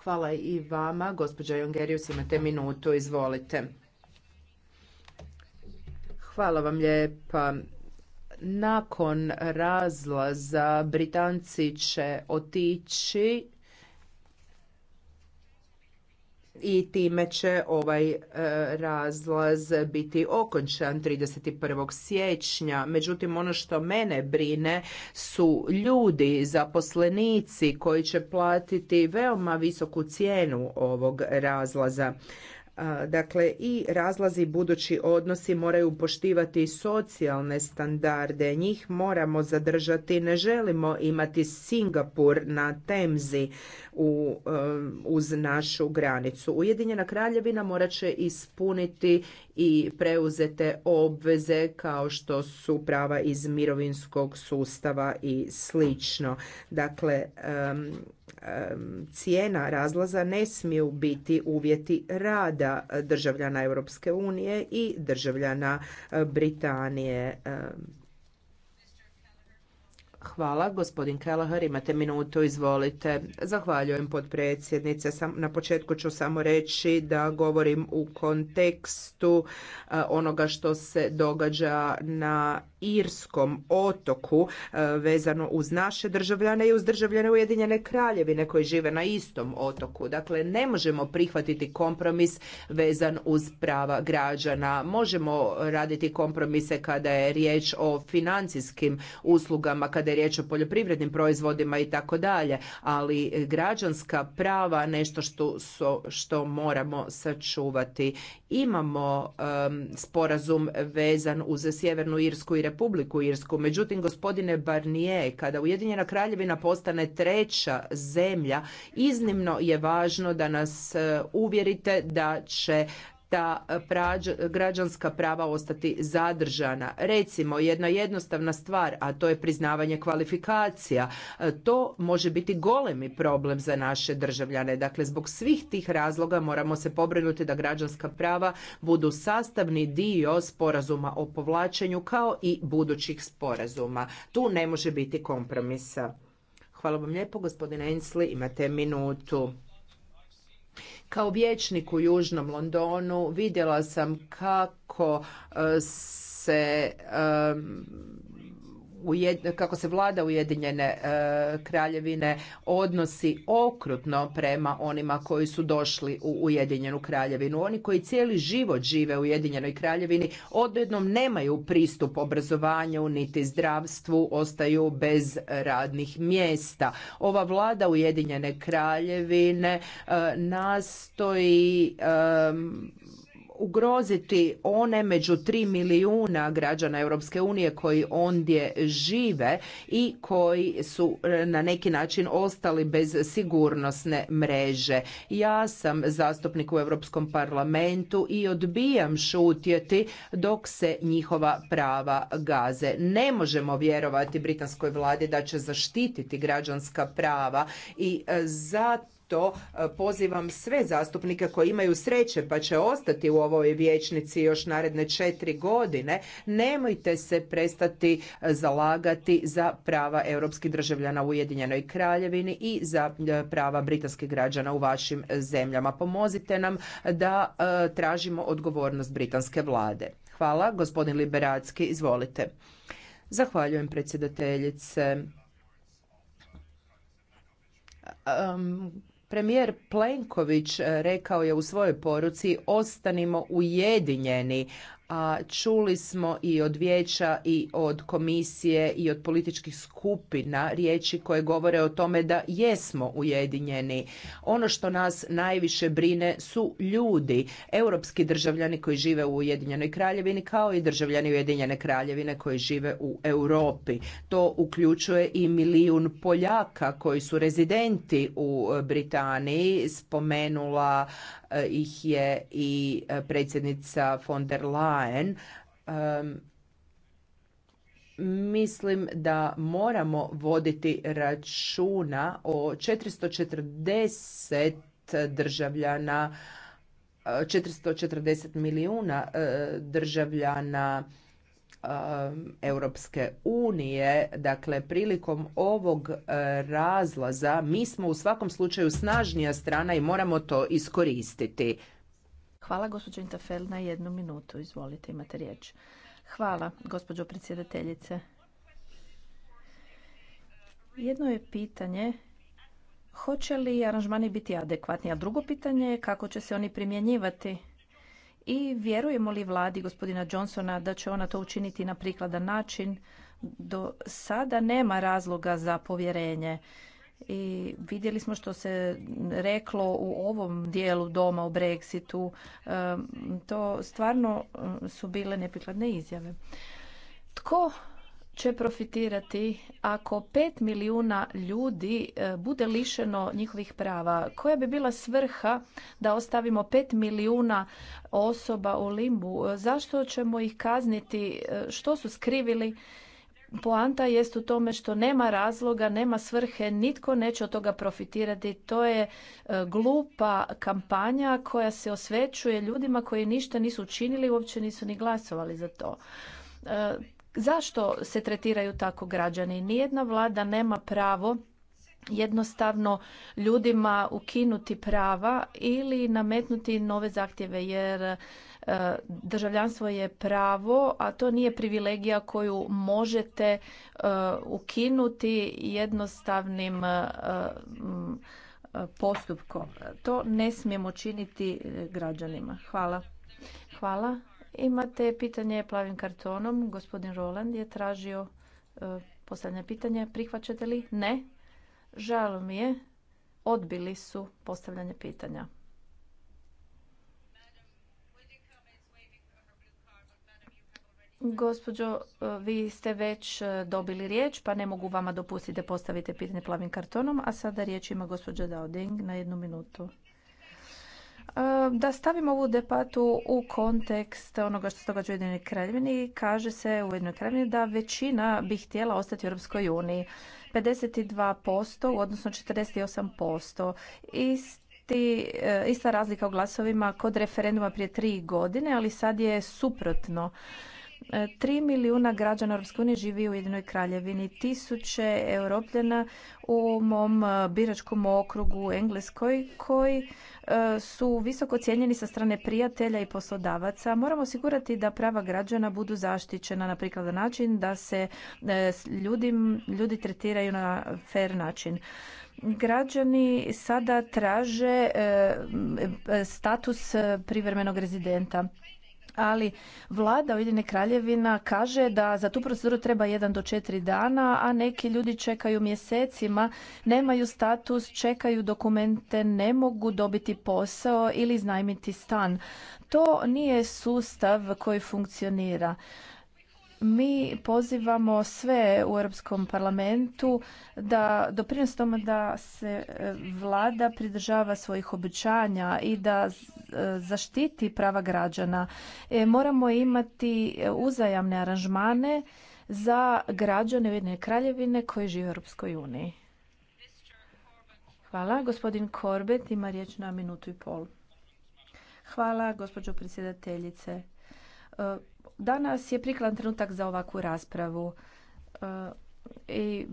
Hvala i vama. Gospođa Jongerius, imate minutu. Izvolite. Hvala vam lijepa. Nakon razlaza Britanci će otići i time će ovaj e, razlaz biti okončan 31. siječnja. Međutim, ono što mene brine su ljudi, zaposlenici koji će platiti veoma visoku cijenu ovog razlaza. Dakle, i razlazi budući odnosi moraju poštivati socijalne standarde. Njih moramo zadržati. Ne želimo imati Singapur na Temzi u, e, uz našu granicu. Ujedinjena kraljevina morat će ispuniti i preuzete obveze kao što su prava iz mirovinskog sustava i slično. Dakle, cijena razlaza ne smiju biti uvjeti rada državljana Europske unije i državljana eh, Britanije Hvala. Gospodin Kelahar, imate minutu, izvolite. Zahvaljujem potpredsjednice. Na početku ću samo reći da govorim u kontekstu e, onoga što se događa na Irskom otoku e, vezano uz naše državljane i uz državljane Ujedinjene kraljevine koji žive na istom otoku. Dakle, ne možemo prihvatiti kompromis vezan uz prava građana. Možemo raditi kompromise kada je riječ o financijskim uslugama, kada je riječ o poljoprivrednim proizvodima i tako dalje, ali e, građanska prava nešto što, što moramo sačuvati. Imamo sporazum vezan uz Sjevernu Irsku i Republiku Irsku, međutim gospodine Barnier, kada Ujedinjena Kraljevina postane treća zemlja, iznimno je važno da nas e, uvjerite da će ta e, građanska prava ostati zadržana. Recimo, jedna jednostavna stvar, a to je priznavanje kvalifikacija, e, to može biti golemi problem za naše državljane. Dakle, zbog svih tih razloga moramo se pobrinuti da građanska prava budu sastavni dio sporazuma o povlačenju kao i budućih sporazuma. Tu ne može biti kompromisa. Hvala vam lijepo, gospodine Ensli, imate minutu. Kao vječnik u Južnom Londonu vidjela sam kako e, se e, kako se vlada Ujedinjene e, kraljevine odnosi okrutno prema onima koji su došli u Ujedinjenu kraljevinu. Oni koji cijeli život žive u Ujedinjenoj kraljevini odjednom nemaju pristup obrazovanju niti zdravstvu, ostaju bez radnih mjesta. Ova vlada Ujedinjene kraljevine e, nastoji ugroziti one među tri milijuna građana Europske unije koji ondje žive i koji su e, na neki način ostali bez sigurnosne mreže. Ja sam zastupnik u Europskom parlamentu i odbijam šutjeti dok se njihova prava gaze. Ne možemo vjerovati britanskoj vladi da će zaštititi građanska prava i e, zato to e, pozivam sve zastupnike koji imaju sreće pa će ostati u ovoj vijećnici još naredne četiri godine, nemojte se prestati e, zalagati za prava europskih državljana u Ujedinjenoj Kraljevini i za e, prava britanskih građana u vašim zemljama. Pomozite nam da tražimo odgovornost britanske vlade. Hvala. Gospodin Liberacki, izvolite. Zahvaljujem predsjedateljice. Premijer Plenković e, rekao je u svojoj poruci ostanimo ujedinjeni, a čuli smo i od vijeća i od komisije i od političkih skupina riječi koje govore o tome da jesmo ujedinjeni. Ono što nas najviše brine su ljudi, europski državljani koji žive u Ujedinjenoj kraljevini kao i državljani Ujedinjene kraljevine koji žive u Europi. To uključuje i milijun Poljaka koji su rezidenti u Britaniji. Spomenula eh, ih je i eh, predsjednica von der Leyen um, mislim da moramo voditi računa o 440 državljana 440 milijuna e, državljana Europske unije. Dakle, prilikom ovog e, razlaza mi smo u svakom slučaju snažnija strana i moramo to iskoristiti. Hvala gospođo Intafel na jednu minutu. Izvolite, imate riječ. Hvala gospođo predsjedateljice. Jedno je pitanje hoće li aranžmani biti adekvatni, a drugo pitanje je kako će se oni primjenjivati. I vjerujemo li vladi gospodina Johnsona da će ona to učiniti na prikladan način? Do sada nema razloga za povjerenje i vidjeli smo što se reklo u ovom dijelu doma o Brexitu. To stvarno su bile neprikladne izjave. Tko će profitirati ako pet milijuna ljudi e, bude lišeno njihovih prava? Koja bi bila svrha da ostavimo pet milijuna osoba u limbu? Zašto ćemo ih kazniti? E, što su skrivili? poanta jest u tome što nema razloga, nema svrhe, nitko neće od toga profitirati. To je e, glupa kampanja koja se osvećuje ljudima koji ništa nisu učinili, uopće nisu ni glasovali za to. E, zašto se tretiraju tako građani? Nijedna vlada nema pravo jednostavno ljudima ukinuti prava ili nametnuti nove zahtjeve jer E, državljanstvo je pravo, a to nije privilegija koju možete e, ukinuti jednostavnim e, postupkom. To ne smijemo činiti građanima. Hvala. Hvala. Imate pitanje plavim kartonom. Gospodin Roland je tražio postavljanje pitanja. Prihvaćate li? Ne. Žalo mi je. Odbili su postavljanje pitanja. Gospođo, e, vi ste već e, dobili riječ, pa ne mogu vama dopustiti da postavite pitanje plavim kartonom, a sada riječ ima gospođa Dauding na jednu minutu. E, da stavimo ovu debatu u kontekst onoga što se događa u Ujedinjenoj kraljevini, kaže se u Ujedinjenoj kraljevini da većina bi htjela ostati u Europskoj uniji. 52% odnosno 48%. isti ista razlika u glasovima kod referenduma prije tri godine, ali sad je suprotno. Tri milijuna građana Europske unije živi u Jedinoj kraljevini. Tisuće europljena u mom e, biračkom okrugu u Engleskoj koji e, su visoko cijenjeni sa strane prijatelja i poslodavaca. Moramo osigurati da prava građana budu zaštićena na prikladan način, da se e, ljudi, ljudi tretiraju na fer način građani sada traže status privremenog rezidenta ali vlada Ujedine kraljevina kaže da za tu proceduru treba jedan do četiri dana, a neki ljudi čekaju mjesecima, nemaju status, čekaju dokumente, ne mogu dobiti posao ili znajmiti stan. To nije sustav koji funkcionira mi pozivamo sve u Europskom parlamentu da doprinos tome da se e, vlada pridržava svojih obećanja i da e, zaštiti prava građana. E, moramo imati uzajamne aranžmane za građane Ujedinjene kraljevine koji žive u Europskoj uniji. Hvala. Gospodin Korbet ima riječ na minutu i pol. Hvala, gospođo predsjedateljice Danas je prikladan trenutak za ovakvu raspravu e, i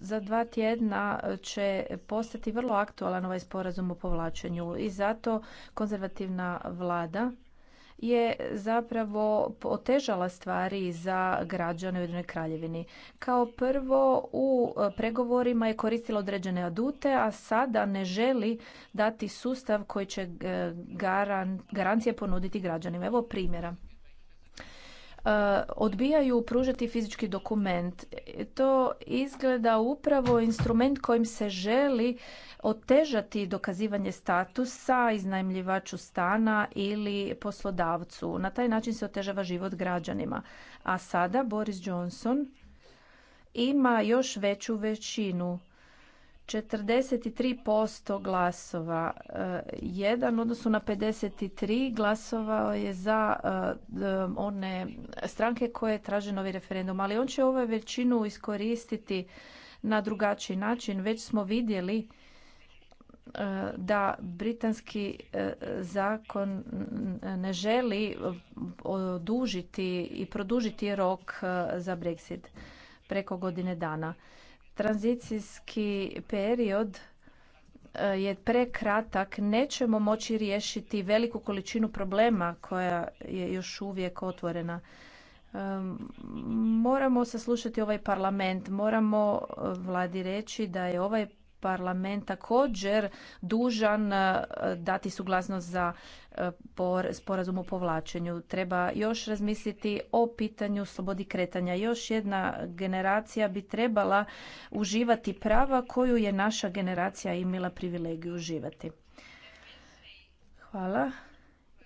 za dva tjedna će postati vrlo aktualan ovaj sporazum o povlačenju i zato konzervativna vlada je zapravo otežala stvari za građane u jednoj Kraljevini. Kao prvo u pregovorima je koristila određene adute, a sada ne želi dati sustav koji će e, garancije ponuditi građanima. Evo primjera. E, odbijaju pružati fizički dokument. E, to izgleda upravo instrument kojim se želi otežati dokazivanje statusa iznajmljivaču stana ili poslodavcu. Na taj način se otežava život građanima. A sada Boris Johnson ima još veću većinu 43% glasova, e, jedan odnosu na 53 glasovao je za e, one stranke koje traže novi referendum, ali on će ovu većinu iskoristiti na drugačiji način. Već smo vidjeli e, da britanski zakon ne želi odužiti i produžiti rok za Brexit preko godine dana tranzicijski period e, je prekratak, nećemo moći riješiti veliku količinu problema koja je još uvijek otvorena. E, moramo saslušati ovaj parlament, moramo e, vladi reći da je ovaj parlament također dužan e, dati suglasnost za e, sporazum o povlačenju. Treba još razmisliti o pitanju slobodi kretanja. Još jedna generacija bi trebala uživati prava koju je naša generacija imala privilegiju uživati. Hvala.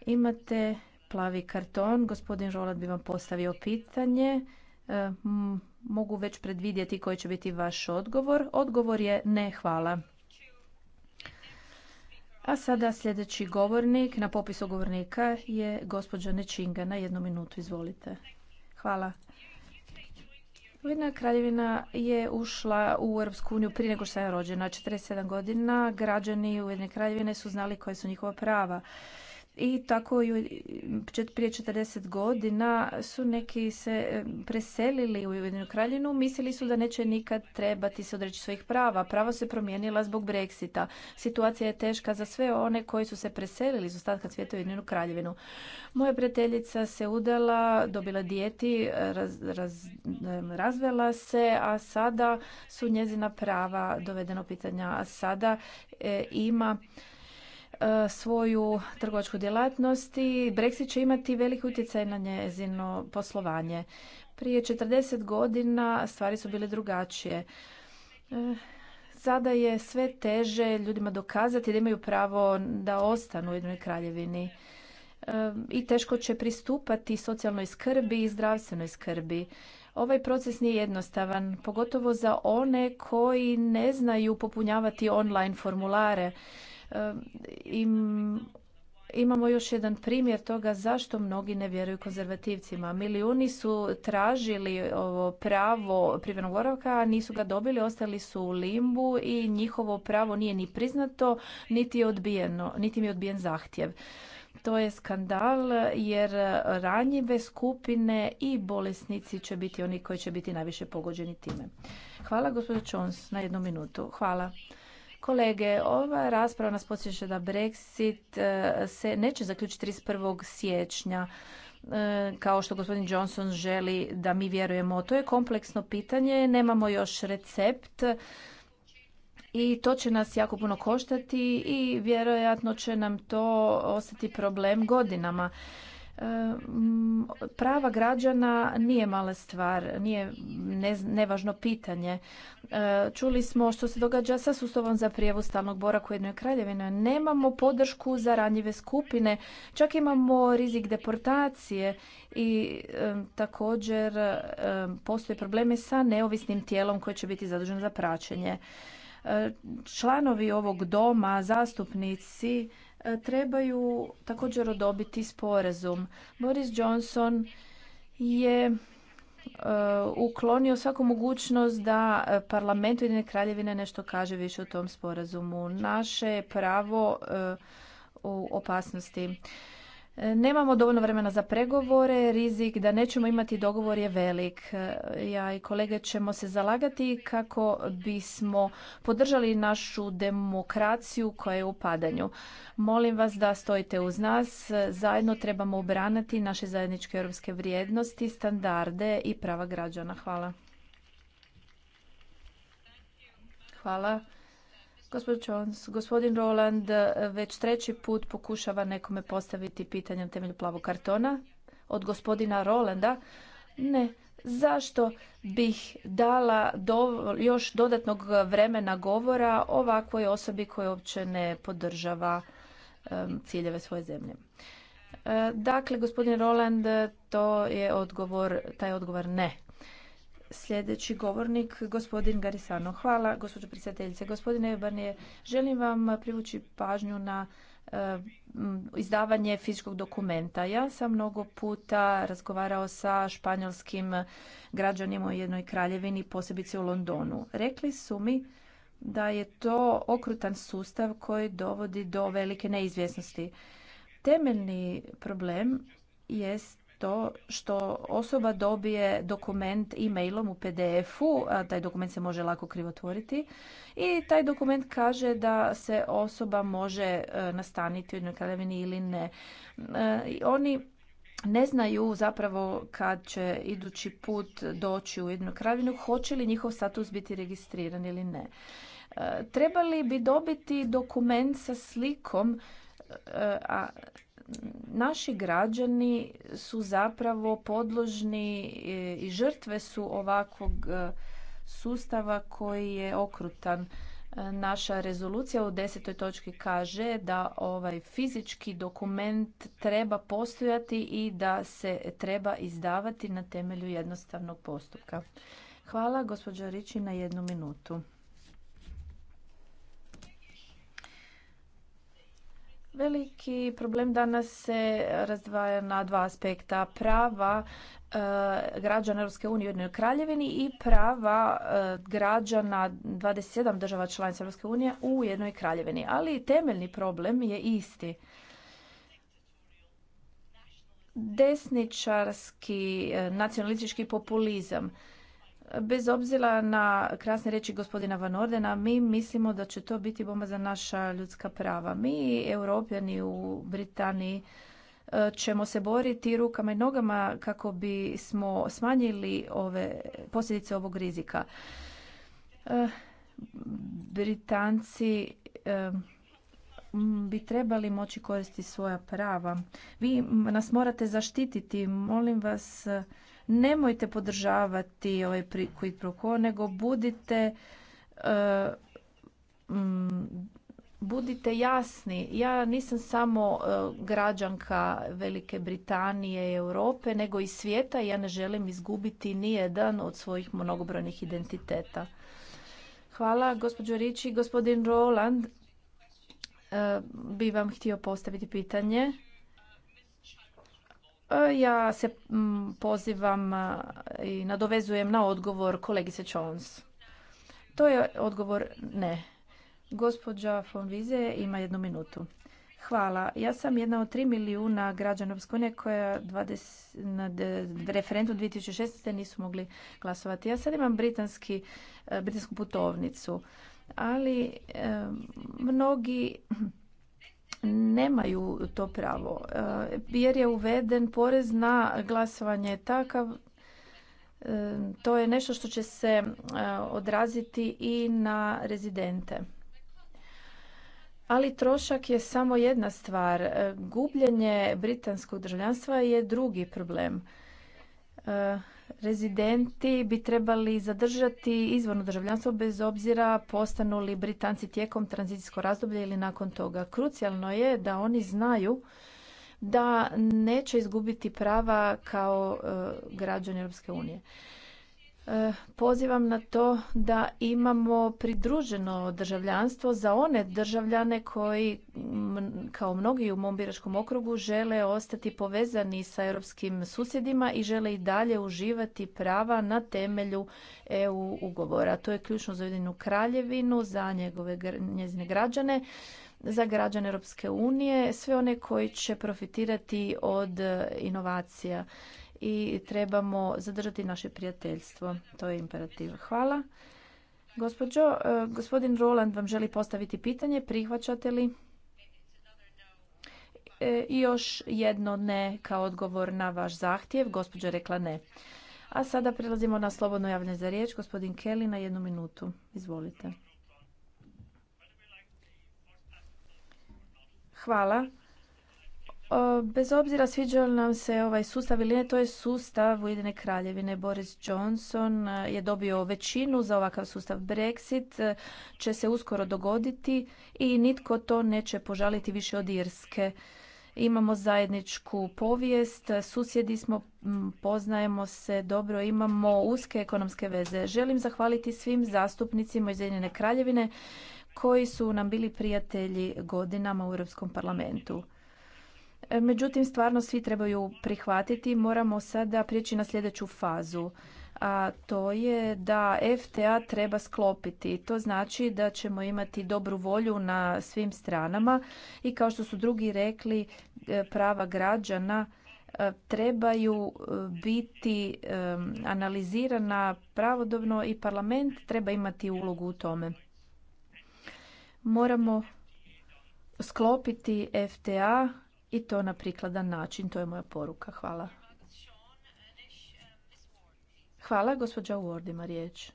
Imate plavi karton. Gospodin Žolat bi vam postavio pitanje. E, mogu već predvidjeti koji će biti vaš odgovor. Odgovor je ne hvala. A sada sljedeći govornik na popisu govornika je gospođa Nečinga. Na jednu minutu, izvolite. Hvala. Ujedna kraljevina je ušla u Europsku uniju prije nego što sam rođena. 47 godina građani Ujedne kraljevine su znali koje su njihova prava i tako prije 40 godina su neki se preselili u Ujedinu kraljevinu, mislili su da neće nikad trebati se odreći svojih prava. Pravo se promijenila zbog Brexita. Situacija je teška za sve one koji su se preselili iz ostatka svijeta u Ujedinjenu kraljevinu. Moja prijateljica se udala, dobila dijeti, razvela se, a sada su njezina prava dovedena u pitanja. A sada e, ima E, svoju trgovačku djelatnost i Brexit će imati veliki utjecaj na njezino poslovanje. Prije 40 godina stvari su bile drugačije. E, sada je sve teže ljudima dokazati da imaju pravo da ostanu u jednoj kraljevini e, i teško će pristupati socijalnoj skrbi i zdravstvenoj skrbi. Ovaj proces nije jednostavan, pogotovo za one koji ne znaju popunjavati online formulare im, imamo još jedan primjer toga zašto mnogi ne vjeruju konzervativcima. Milijuni su tražili ovo pravo privrednog boravka, nisu ga dobili, ostali su u limbu i njihovo pravo nije ni priznato, niti je odbijeno, niti im je odbijen zahtjev. To je skandal jer ranjive skupine i bolesnici će biti oni koji će biti najviše pogođeni time. Hvala gospođo Čons na jednu minutu. Hvala. Kolege, ova rasprava nas podsjeća da Brexit e, se neće zaključiti 31. siječnja e, kao što gospodin Johnson želi da mi vjerujemo. To je kompleksno pitanje, nemamo još recept i to će nas jako puno koštati i vjerojatno će nam to ostati problem godinama prava građana nije mala stvar, nije nevažno pitanje. E, čuli smo što se događa sa sustavom za prijevu stalnog boravka u jednoj kraljevine. Nemamo podršku za ranjive skupine, čak imamo rizik deportacije i također postoje probleme sa neovisnim tijelom koje će biti zaduženo za praćenje. E, članovi ovog doma, zastupnici, E, trebaju također odobiti sporazum. Boris Johnson je e, uklonio svaku mogućnost da e, parlament Ujedinjene kraljevine nešto kaže više o tom sporazumu. Naše je pravo u opasnosti. Nemamo dovoljno vremena za pregovore, rizik da nećemo imati dogovor je velik. Ja i kolege ćemo se zalagati kako bismo podržali našu demokraciju koja je u padanju. Molim vas da stojite uz nas, zajedno trebamo obraniti naše zajedničke europske vrijednosti, standarde i prava građana. Hvala. Hvala. Gospodin Jones, gospodin Roland eh, već treći put pokušava nekome postaviti pitanje na temelju plavog kartona od gospodina Rolanda. Ne, zašto bih dala još dodatnog vremena govora ovakvoj osobi koja uopće ne podržava ciljeve svoje zemlje? Eh, dakle, gospodin Roland, to je odgovor, taj odgovor ne. Sljedeći govornik, gospodin Garisano. Hvala, gospođo predsjedateljice. Gospodine Ebanije, želim vam privući pažnju na eh, izdavanje fizičkog dokumenta. Ja sam mnogo puta razgovarao sa španjolskim građanima u jednoj kraljevini, posebice u Londonu. Rekli su mi da je to okrutan sustav koji dovodi do velike neizvjesnosti. Temeljni problem jest to što osoba dobije dokument e-mailom u PDF-u, taj dokument se može lako krivotvoriti i taj dokument kaže da se osoba može e, nastaniti u jednoj kraljevini ili ne. E, oni ne znaju zapravo kad će idući put doći u jednu kraljevinu, hoće li njihov status biti registriran ili ne. E, trebali bi dobiti dokument sa slikom a naši građani su zapravo podložni e, i žrtve su ovakvog e, sustava koji je okrutan. E, naša rezolucija u desetoj točki kaže da ovaj fizički dokument treba postojati i da se treba izdavati na temelju jednostavnog postupka. Hvala gospođo Riči na jednu minutu. Veliki problem danas se razdvaja na dva aspekta. Prava e, građana Europske unije u Jednoj kraljevini i prava e, građana 27 država članica Europske unije u Jednoj kraljevini. Ali temeljni problem je isti. Desničarski e, nacionalistički populizam Bez obzira na krasne reči gospodina Van Ordena, mi mislimo da će to biti bomba za naša ljudska prava. Mi, europljani u Britaniji, e, ćemo se boriti rukama i nogama kako bi smo smanjili ove posljedice ovog rizika. E, Britanci e, bi trebali moći koristiti svoja prava. Vi nas morate zaštititi, molim vas nemojte podržavati ovaj quid pro quo, nego budite eh, mm, budite jasni, ja nisam samo eh, građanka Velike Britanije i Europe, nego i svijeta i ja ne želim izgubiti nijedan od svojih mnogobrojnih identiteta. Hvala, gospođo Riči. Gospodin Roland eh, bi vam htio postaviti pitanje. Ja se mm, pozivam e, i nadovezujem na odgovor kolegice Jones. To je odgovor ne. Gospođa von Vize ima jednu minutu. Hvala. Ja sam jedna od tri milijuna građana Europske koja 20, na referendum 2016. nisu mogli glasovati. Ja sad imam britanski, e, britansku putovnicu, ali e, mnogi nemaju to pravo e, jer je uveden porez na glasovanje takav e, to je nešto što će se e, odraziti i na rezidente. Ali trošak je samo jedna stvar. Gubljenje britanskog državljanstva je drugi problem rezidenti bi trebali zadržati izvorno državljanstvo bez obzira postanu li Britanci tijekom tranzicijskog razdoblja ili nakon toga. Krucijalno je da oni znaju da neće izgubiti prava kao e, građani Europske unije pozivam na to da imamo pridruženo državljanstvo za one državljane koji kao mnogi u mom biračkom okrugu žele ostati povezani sa europskim susjedima i žele i dalje uživati prava na temelju EU ugovora. To je ključno za jedinu kraljevinu, za njegove, njezine građane za građane Europske unije, sve one koji će profitirati od inovacija i trebamo zadržati naše prijateljstvo. To je imperativ. Hvala. E, gospodin Roland vam želi postaviti pitanje. Prihvaćate li? E, I još jedno ne kao odgovor na vaš zahtjev. Gospođa rekla ne. A sada prelazimo na slobodno javne za riječ. Gospodin Kelly na jednu minutu. Izvolite. Hvala. Bez obzira sviđa li nam se ovaj sustav ili ne, to je sustav Ujedine kraljevine. Boris Johnson e, je dobio većinu za ovakav sustav. Brexit e, će se uskoro dogoditi i nitko to neće požaliti više od Irske. Imamo zajedničku povijest, susjedi smo, poznajemo se dobro, imamo uske ekonomske veze. Želim zahvaliti svim zastupnicima iz Ujedinjene kraljevine koji su nam bili prijatelji godinama u Europskom parlamentu. Međutim, stvarno svi trebaju prihvatiti. Moramo sada prijeći na sljedeću fazu a to je da FTA treba sklopiti. To znači da ćemo imati dobru volju na svim stranama i kao što su drugi rekli, e, prava građana e, trebaju e, biti analizirana pravodobno i parlament treba imati ulogu u tome. Moramo sklopiti FTA i to na prikladan način. To je moja poruka. Hvala. Hvala, gospođa Ward ima riječ.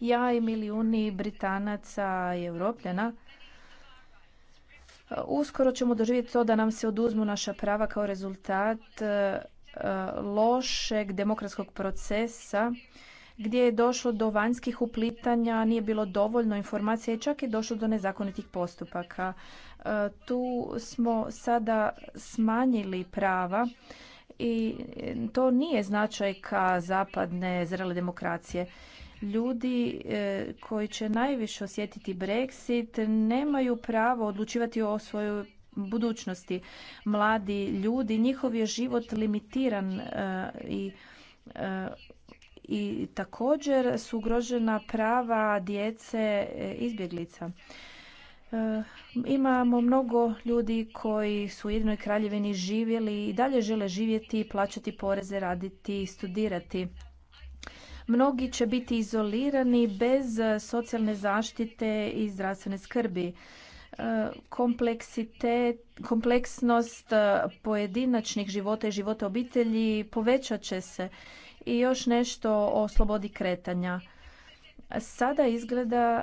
Ja i milijuni Britanaca i Europljana e, uskoro ćemo doživjeti to da nam se oduzmu naša prava kao rezultat e, lošeg demokratskog procesa gdje je došlo do vanjskih uplitanja, nije bilo dovoljno informacija i čak je došlo do nezakonitih postupaka. E, tu smo sada smanjili prava i to nije značajka zapadne zrele demokracije. Ljudi e, koji će najviše osjetiti Brexit nemaju pravo odlučivati o svojoj budućnosti. Mladi ljudi, njihov je život limitiran e, i i također su ugrožena prava djece e, izbjeglica. E, imamo mnogo ljudi koji su u jednoj kraljevini živjeli i dalje žele živjeti, plaćati poreze, raditi, i studirati. Mnogi će biti izolirani bez socijalne zaštite i zdravstvene skrbi kompleksitet, kompleksnost e, pojedinačnih života i života obitelji povećat će se. I još nešto o slobodi kretanja. Sada izgleda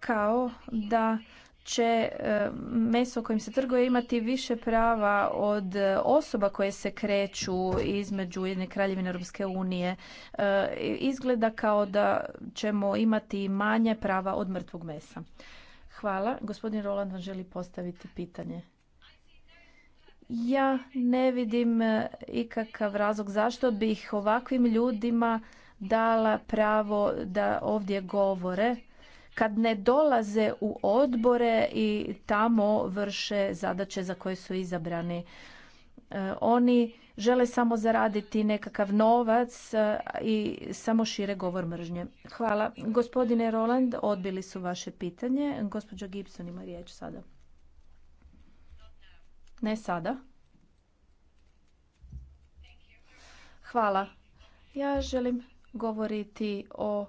kao da će e, meso kojim se trguje imati više prava od e, osoba koje se kreću između jedne kraljevine Europske unije. Izgleda kao da ćemo imati manje prava od mrtvog mesa. Hvala. Gospodin Roland vam želi postaviti pitanje. Ja ne vidim e, ikakav razlog zašto bih ovakvim ljudima dala pravo da ovdje govore kad ne dolaze u odbore i tamo vrše zadaće za koje su izabrani. E, oni žele samo zaraditi nekakav novac e, i samo šire govor mržnje. Hvala. Gospodine Roland, odbili su vaše pitanje. Gospođa Gibson ima riječ sada. Ne sada. Hvala. Ja želim govoriti o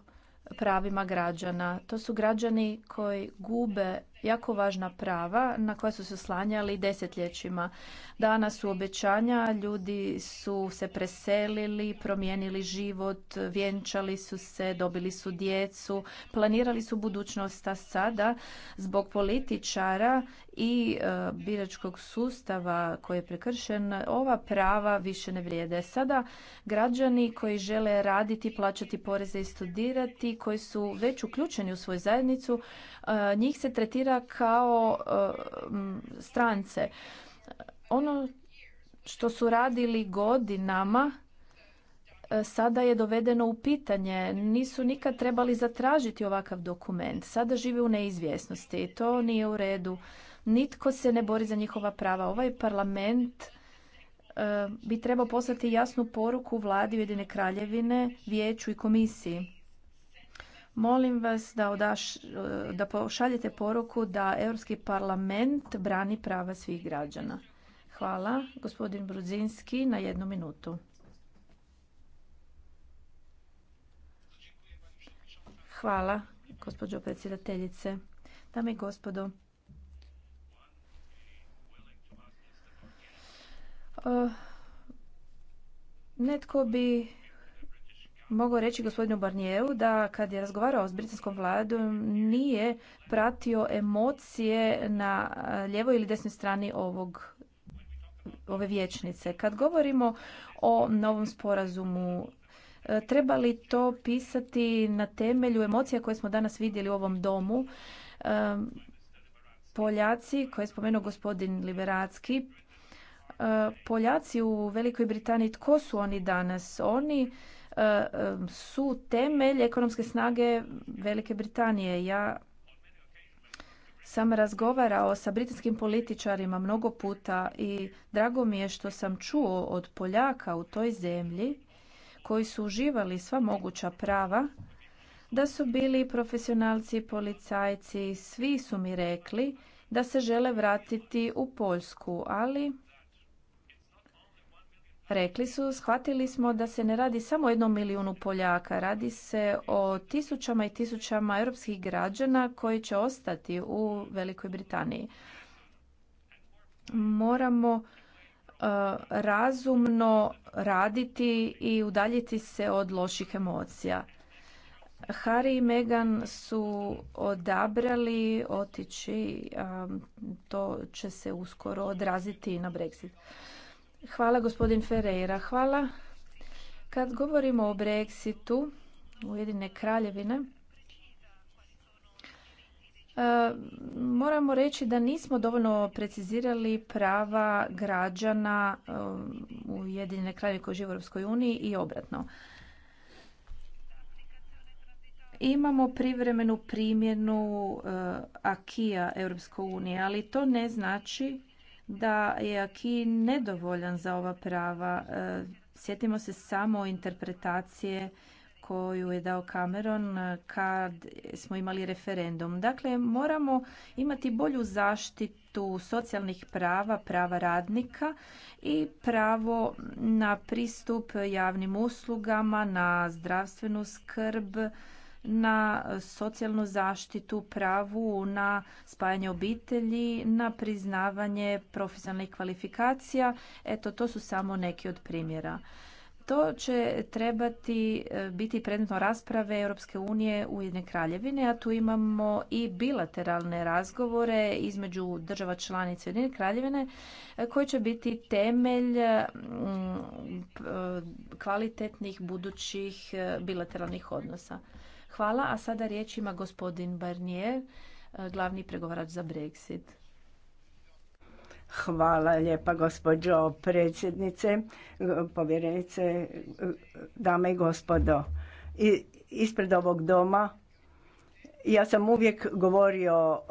pravima građana. To su građani koji gube jako važna prava na koja su se slanjali desetljećima. Danas su obećanja, ljudi su se preselili, promijenili život, vjenčali su se, dobili su djecu, planirali su budućnost, a sada zbog političara i e, biračkog sustava koji je prekršen, ova prava više ne vrijede. Sada građani koji žele raditi, plaćati poreze i studirati, koji su već uključeni u svoju zajednicu, E, njih se tretira kao e, strance. Ono što su radili godinama e, sada je dovedeno u pitanje. Nisu nikad trebali zatražiti ovakav dokument. Sada žive u neizvjesnosti. To nije u redu. Nitko se ne bori za njihova prava. Ovaj parlament bi trebao poslati jasnu poruku vladi Ujedine kraljevine, vijeću i komisiji. Molim vas da, odaš, da pošaljete poruku da Europski parlament brani prava svih građana. Hvala. Gospodin Brudzinski na jednu minutu. Hvala, gospođo predsjedateljice. Dame i gospodo, eh, netko bi mogu reći gospodinu Barnijevu da kad je razgovarao s britanskom vladom nije pratio emocije na ljevoj ili desnoj strani ovog ove vječnice. Kad govorimo o novom sporazumu, e, treba li to pisati na temelju emocija koje smo danas vidjeli u ovom domu? E, Poljaci, koje je spomenuo gospodin Liberacki, e, Poljaci u Velikoj Britaniji, tko su oni danas? Oni E, su temelj ekonomske snage Velike Britanije. Ja sam razgovarao sa britanskim političarima mnogo puta i drago mi je što sam čuo od Poljaka u toj zemlji koji su uživali sva moguća prava da su bili profesionalci, policajci, svi su mi rekli da se žele vratiti u Poljsku, ali rekli su, shvatili smo da se ne radi samo o jednom milijunu Poljaka, radi se o tisućama i tisućama europskih građana koji će ostati u Velikoj Britaniji. Moramo e, razumno raditi i udaljiti se od loših emocija. Harry i Meghan su odabrali otići, to će se uskoro odraziti na Brexit. Hvala gospodin Ferreira. Hvala. Kad govorimo o Brexitu Ujedine kraljevine, e, moramo reći da nismo dovoljno precizirali prava građana e, Ujedine kraljevine koji žive u EU uniji i obratno. Imamo privremenu primjenu e, akija EU, unije, ali to ne znači da je aki nedovoljan za ova prava. E, sjetimo se samo interpretacije koju je dao Cameron e, kad smo imali referendum. Dakle, moramo imati bolju zaštitu socijalnih prava, prava radnika i pravo na pristup javnim uslugama, na zdravstvenu skrb, na socijalnu zaštitu, pravu na spajanje obitelji, na priznavanje profesionalnih kvalifikacija. Eto, to su samo neki od primjera. To će trebati e, biti predmetno rasprave Europske unije u jedne kraljevine, a tu imamo i bilateralne razgovore između država članica jedine kraljevine e, koji će biti temelj e, kvalitetnih budućih bilateralnih odnosa. Hvala, a sada riječ ima gospodin Barnier, e, glavni pregovarač za Brexit. Hvala lijepa gospođo predsjednice, povjerenice, dame i gospodo. Ispred ovog doma ja sam uvijek govorio